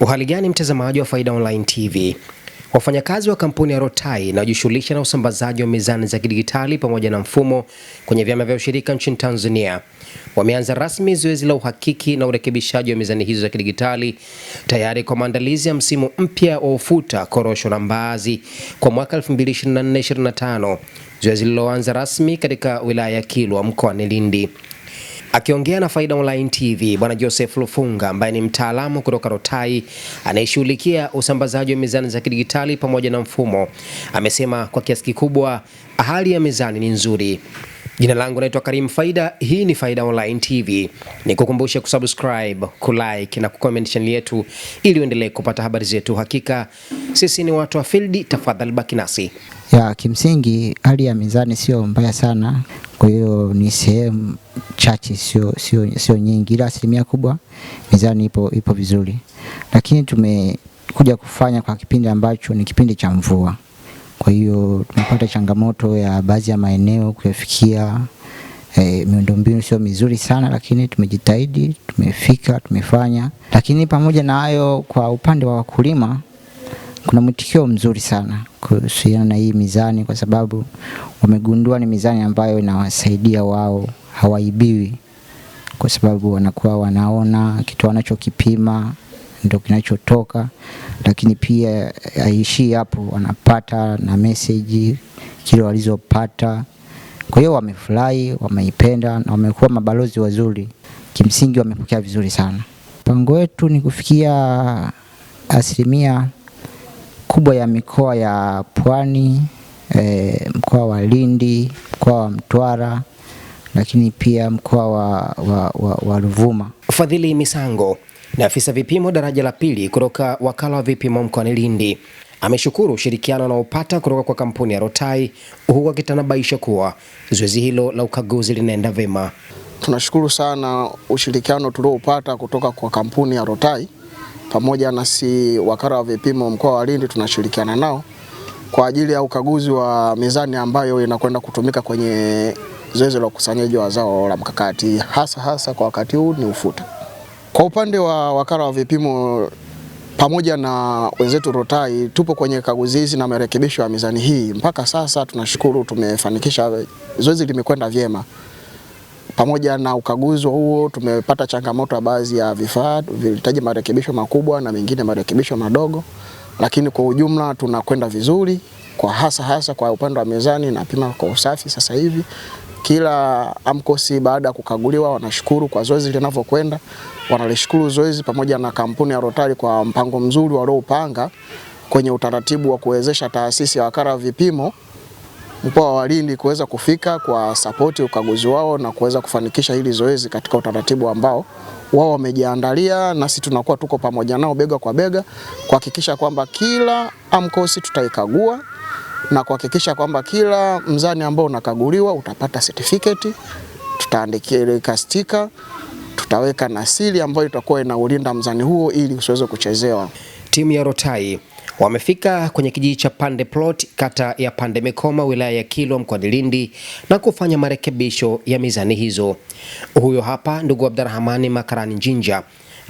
Uhali gani mtazamaji wa Faida Online TV. Wafanyakazi wa kampuni ya Rotai inayojishughulisha na usambazaji wa mizani za kidigitali pamoja na mfumo kwenye vyama vya ushirika nchini Tanzania wameanza rasmi zoezi la uhakiki na urekebishaji wa mizani hizo za kidigitali tayari kwa maandalizi ya msimu mpya wa ufuta, korosho na mbaazi kwa mwaka 2024/2025, zoezi lililoanza rasmi katika wilaya ya Kilwa mkoani Lindi. Akiongea na Faida Online TV, Bwana Joseph Lufunga ambaye ni mtaalamu kutoka Rotai anayeshughulikia usambazaji wa mizani za kidigitali pamoja na mfumo, amesema kwa kiasi kikubwa hali ya mizani ni nzuri. Jina langu naitwa Karim Faida. Hii ni Faida Online TV. Nikukumbushe kusubscribe, kulike na kucomment channel yetu ili uendelee kupata habari zetu. Hakika sisi ni watu wa field, tafadhali baki nasi. Ya kimsingi hali ya mizani sio mbaya sana, kwa hiyo ni sehemu chache, sio sio sio nyingi, ila asilimia kubwa mizani ipo ipo vizuri, lakini tumekuja kufanya kwa kipindi ambacho ni kipindi cha mvua. Kwa hiyo tumepata changamoto ya baadhi ya maeneo kuyafikia e, miundombinu sio mizuri sana, lakini tumejitahidi, tumefika, tumefanya. Lakini pamoja na hayo, kwa upande wa wakulima kuna mwitikio mzuri sana kuhusiana na hii mizani, kwa sababu wamegundua ni mizani ambayo inawasaidia wao, hawaibiwi, kwa sababu wanakuwa wanaona kitu wanachokipima ndio kinachotoka, lakini pia aishii hapo, wanapata na meseji kile walizopata. Kwa hiyo wamefurahi, wameipenda na wamekuwa mabalozi wazuri, kimsingi wamepokea vizuri sana. Mpango wetu ni kufikia asilimia kubwa ya mikoa ya Pwani, e, mkoa wa Lindi, mkoa wa Mtwara lakini pia mkoa wa, wa, wa, wa Ruvuma. Fadhili Misango na afisa vipimo daraja la pili kutoka wakala wa vipimo mkoani Lindi ameshukuru ushirikiano anaopata kutoka kwa kampuni ya Rotai, huku akitanabaisha kuwa zoezi hilo la ukaguzi linaenda vema. Tunashukuru sana ushirikiano tulioupata kutoka kwa kampuni ya Rotai pamoja na si wakala wa vipimo mkoa wa Lindi, tunashirikiana nao kwa ajili ya ukaguzi wa mizani ambayo inakwenda kutumika kwenye zoezi la ukusanyaji wa zao la mkakati, hasa hasa kwa wakati huu ni ufuta. Kwa upande wa wakala wa vipimo pamoja na wenzetu Rotai, tupo kwenye kaguzi hizi na marekebisho ya mizani hii. Mpaka sasa tunashukuru, tumefanikisha zoezi, limekwenda vyema. Pamoja na ukaguzi huo, tumepata changamoto ya baadhi ya vifaa vilihitaji marekebisho makubwa na mengine marekebisho madogo, lakini kwa ujumla tunakwenda vizuri, kwa hasa hasa kwa upande wa mizani, napima kwa usafi sasa hivi kila amkosi baada ya kukaguliwa wanashukuru kwa zoezi linavyokwenda, wanalishukuru zoezi pamoja na kampuni ya Rotary kwa mpango mzuri walioupanga kwenye utaratibu wa kuwezesha taasisi ya wakala vipimo mkoa wa Lindi kuweza kufika kwa sapoti ukaguzi wao na kuweza kufanikisha hili zoezi katika utaratibu ambao wao wamejiandalia, nasi tunakuwa tuko pamoja nao bega kwa bega kuhakikisha kwamba kila amkosi tutaikagua na kuhakikisha kwamba kila mzani ambao unakaguliwa utapata certificate. Tutaandikia stika, tutaweka na siri ambayo itakuwa inaulinda mzani huo ili usiweze kuchezewa. Timu ya Rotai wamefika kwenye kijiji cha Pande Plot kata ya Pande Mikoma wilaya ya Kilwa mkoani Lindi na kufanya marekebisho ya mizani hizo. Huyo hapa ndugu Abdurahmani Makarani Njinja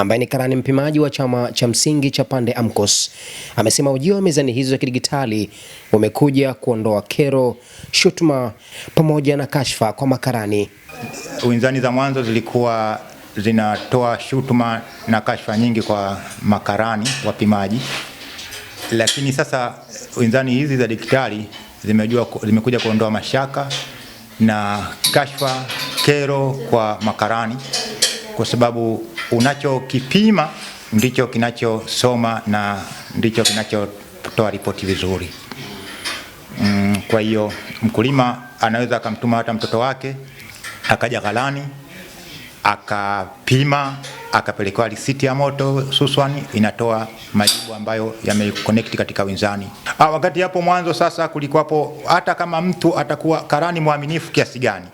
ambaye ni karani mpimaji wa chama cha msingi cha Pande AMCOS, amesema ujio wa mizani hizo za kidigitali umekuja kuondoa kero, shutuma pamoja na kashfa kwa makarani. Winzani za mwanzo zilikuwa zinatoa shutuma na kashfa nyingi kwa makarani wapimaji, lakini sasa winzani hizi za digitali zimejua zimekuja kuondoa mashaka na kashfa, kero kwa makarani kwa sababu unachokipima ndicho kinachosoma na ndicho kinachotoa ripoti vizuri. Mm, kwa hiyo mkulima anaweza akamtuma hata mtoto wake akaja ghalani akapima akapelekewa risiti ya moto suswani, inatoa majibu ambayo yameconnect katika winzani. Ah, wakati hapo mwanzo sasa kulikuwapo, hata kama mtu atakuwa karani mwaminifu kiasi gani,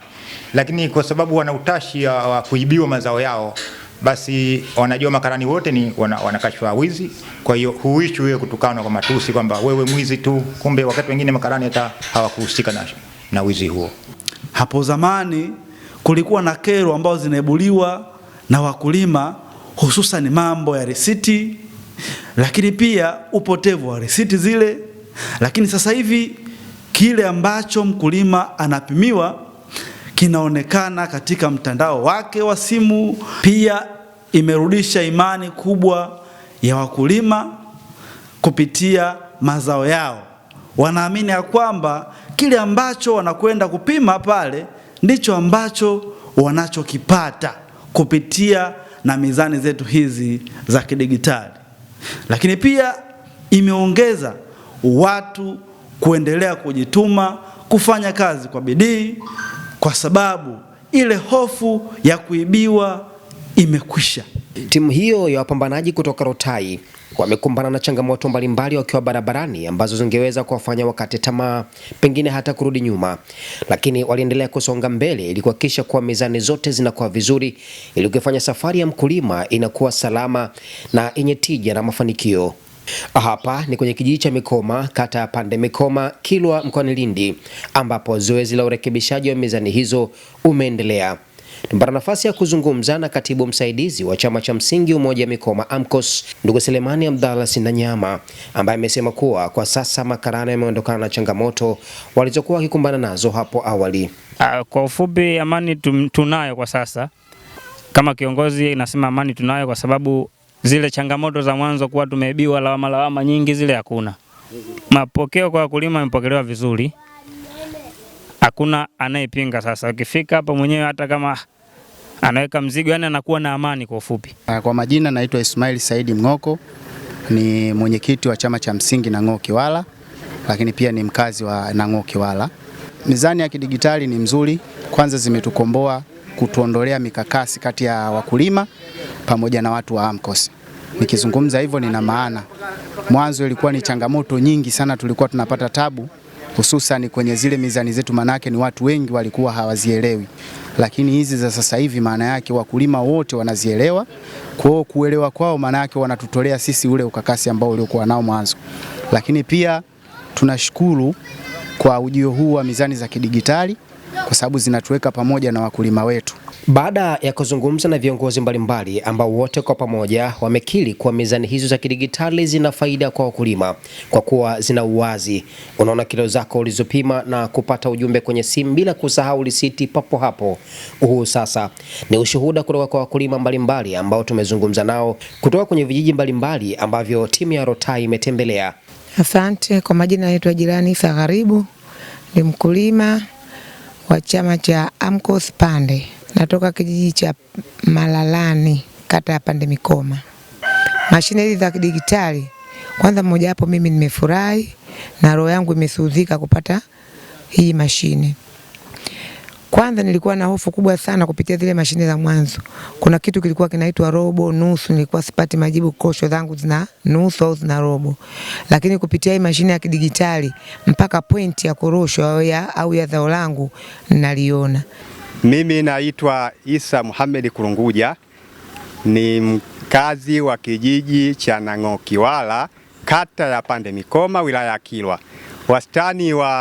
lakini kwa sababu wana utashi wa kuibiwa mazao yao basi wanajua makarani wote ni wanakashfa wana wizi. Kwa hiyo huishi wewe kutukana kwa matusi kwamba wewe mwizi tu, kumbe wakati wengine makarani hata hawakuhusika na, na wizi huo. Hapo zamani kulikuwa na kero ambazo zinaibuliwa na wakulima, hususan mambo ya risiti, lakini pia upotevu wa risiti zile. Lakini sasa hivi kile ambacho mkulima anapimiwa kinaonekana katika mtandao wake wa simu. Pia imerudisha imani kubwa ya wakulima kupitia mazao yao. Wanaamini ya kwamba kile ambacho wanakwenda kupima pale ndicho ambacho wanachokipata kupitia na mizani zetu hizi za kidigitali. Lakini pia imeongeza watu kuendelea kujituma, kufanya kazi kwa bidii kwa sababu ile hofu ya kuibiwa imekwisha. Timu hiyo ya wapambanaji kutoka Rotai wamekumbana na changamoto mbalimbali wakiwa barabarani ambazo zingeweza kuwafanya wakate tamaa, pengine hata kurudi nyuma, lakini waliendelea kusonga mbele ili kuhakikisha kuwa mizani zote zinakuwa vizuri, ili kufanya safari ya mkulima inakuwa salama na yenye tija na mafanikio. Hapa ni kwenye kijiji cha Mikoma, kata ya Pande Mikoma, Kilwa mkoani Lindi, ambapo zoezi la urekebishaji wa mizani hizo umeendelea. Tumepata nafasi ya kuzungumza na katibu msaidizi wa chama cha msingi umoja Mikoma AMCOS, ndugu Selemani Abdalla Sindanyama, ambaye amesema kuwa kwa sasa makarani yameondokana na changamoto walizokuwa wakikumbana nazo hapo awali. Ah, kwa ufupi, amani tunayo kwa sasa. Kama kiongozi nasema amani tunayo kwa sababu zile changamoto za mwanzo kuwa tumeibiwa lawama lawama nyingi zile hakuna. Mapokeo kwa wakulima yamepokelewa vizuri, hakuna anayepinga. Sasa ukifika hapo mwenyewe hata kama anaweka mzigo, yani anakuwa na amani. Kwa ufupi, ah, kwa majina naitwa Ismail Saidi Mng'oko, ni mwenyekiti wa chama cha msingi Nang'oo Kiwala, lakini pia ni mkazi wa Nang'oo Kiwala. Mizani ya kidigitali ni mzuri, kwanza zimetukomboa kutuondolea mikakasi kati ya wakulima pamoja na watu wa AMCOS. Nikizungumza hivyo, nina maana mwanzo ilikuwa ni changamoto nyingi sana, tulikuwa tunapata tabu hususan kwenye zile mizani zetu, manake ni watu wengi walikuwa hawazielewi, lakini hizi za sasa hivi maana yake wakulima wote wanazielewa. Kwao kuelewa kwao, maana yake wanatutolea sisi ule ukakasi ambao uliokuwa nao mwanzo, lakini pia tunashukuru kwa ujio huu wa mizani za kidigitali kwa sababu zinatuweka pamoja na wakulima wetu. Baada ya kuzungumza na viongozi mbalimbali ambao wote kwa pamoja wamekiri kuwa mizani hizo za kidigitali zina faida kwa wakulima kwa kuwa zina uwazi, unaona kilo zako ulizopima na kupata ujumbe kwenye simu bila kusahau risiti papo hapo. Huu sasa ni ushuhuda kutoka kwa wakulima mbalimbali ambao tumezungumza nao kutoka kwenye vijiji mbalimbali ambavyo timu ya Rotai imetembelea. Asante. Kwa majina naitwa Jirani Isa ni mkulima wa chama cha AMCO Spande. Natoka kijiji cha Malalani, kata ya Pande Mikoma. Mashine hizi za kidigitali, kwanza mmoja hapo, mimi nimefurahi na roho yangu imesuhuzika kupata hii mashine. Kwanza nilikuwa na hofu kubwa sana kupitia zile mashine za mwanzo. Kuna kitu kilikuwa kinaitwa robo nusu, nilikuwa sipati majibu, kosho zangu zina nusu au zina robo. Lakini kupitia hii mashine ya kidigitali mpaka point ya korosho au ya, au ya zao langu naliona. Mimi naitwa Isa Muhammad Kurunguja ni mkazi wa kijiji cha Nang'okiwala kata ya Pande Mikoma wilaya ya Kilwa. Wastani wa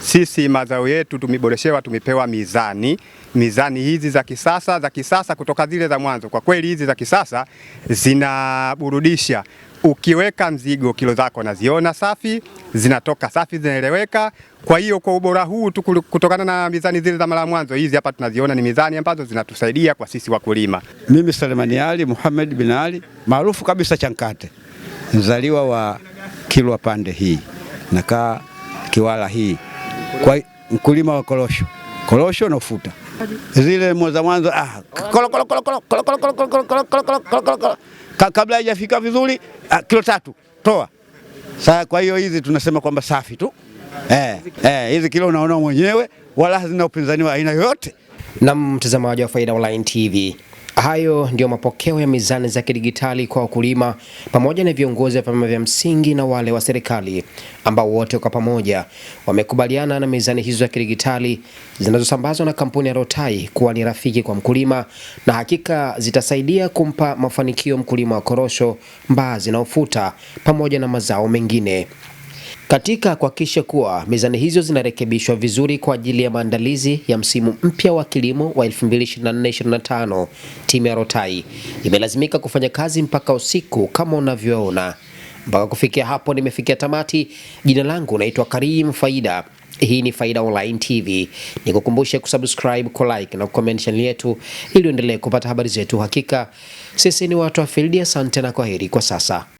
sisi mazao yetu tumeboreshewa tumepewa mizani. Mizani hizi za kisasa za kisasa kutoka zile za mwanzo, kwa kweli hizi za kisasa zinaburudisha. Ukiweka mzigo, kilo zako naziona safi, zinatoka safi, zinaeleweka. Kwa hiyo kwa ubora huu tu kutokana na mizani zile za mara mwanzo, hizi hapa tunaziona ni mizani ambazo zinatusaidia kwa sisi wakulima. Mimi Selemani Ali Muhamed bin Ali maarufu kabisa Chankate, mzaliwa wa Kilwa pande hii, nakaa Kiwala hii kwa mkulima wa korosho, korosho na ufuta zile mwanzo mwanzo, ah, kabla haijafika vizuri ah, kilo tatu toa saa. Kwa hiyo hizi tunasema kwamba safi tu eh, eh, hizi kilo unaona mwenyewe, wala hazina upinzani wa aina yoyote. Na mtazamaji wa Faida Online TV Hayo ndiyo mapokeo ya mizani za kidigitali kwa wakulima pamoja na viongozi wa vyama vya msingi na wale wa serikali ambao wote kwa pamoja wamekubaliana na mizani hizo za kidigitali zinazosambazwa na kampuni ya Rotai kuwa ni rafiki kwa mkulima na hakika zitasaidia kumpa mafanikio mkulima wa korosho, mbaazi na ufuta pamoja na mazao mengine katika kuhakikisha kuwa mizani hizo zinarekebishwa vizuri kwa ajili ya maandalizi ya msimu mpya wa kilimo wa 2024-2025, timu ya Rotai imelazimika kufanya kazi mpaka usiku kama unavyoona. Mpaka kufikia hapo nimefikia tamati. Jina langu naitwa Karim Faida. Hii ni Faida Online TV. Nikukumbushe kusubscribe, like na comment channel yetu ili uendelee kupata habari zetu. Hakika sisi ni watu wa field. Asante na kwaheri kwa sasa.